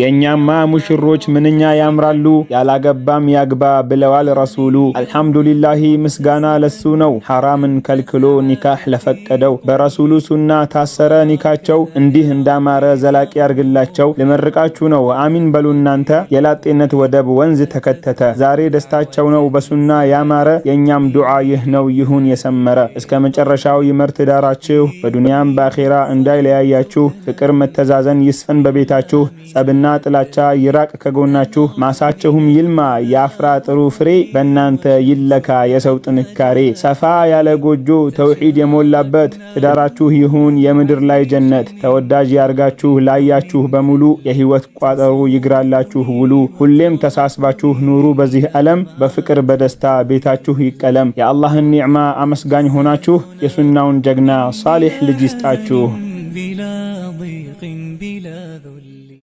የእኛማ ሙሽሮች ምንኛ ያምራሉ፣ ያላገባም ያግባ ብለዋል ረሱሉ። አልሐምዱሊላሂ ምስጋና ለሱ ነው። ሐራምን ከልክሎ ኒካህ ለፈቀደው በረሱሉ ሱና ታሰረ ኒካቸው። እንዲህ እንዳማረ ዘላቂ አርግላቸው ልመርቃችሁ ነው አሚን በሉ እናንተ። የላጤነት ወደብ ወንዝ ተከተተ ዛሬ ደስታቸው ነው በሱና ያማረ። የእኛም ዱዓ ይህ ነው ይሁን የሰመረ። እስከ መጨረሻው ይመር ትዳራችሁ፣ በዱንያም በአኼራ እንዳይለያያችሁ። ፍቅር መተዛዘን ይስፈን በቤታችሁ። ጠብና ጥላቻ ይራቅ ከጎናችሁ፣ ማሳችሁም ይልማ፣ የአፍራ ጥሩ ፍሬ በእናንተ ይለካ የሰው ጥንካሬ። ሰፋ ያለ ጎጆ ተውሒድ የሞላበት ትዳራችሁ ይሁን የምድር ላይ ጀነት። ተወዳጅ ያርጋችሁ ላያችሁ በሙሉ የህይወት ቋጠሩ ይግራላችሁ ውሉ። ሁሌም ተሳስባችሁ ኑሩ በዚህ ዓለም በፍቅር በደስታ ቤታችሁ ይቀለም። የአላህን ኒዕማ አመስጋኝ ሆናችሁ የሱናውን ጀግና ሳሌሕ ልጅ ይስጣችሁ።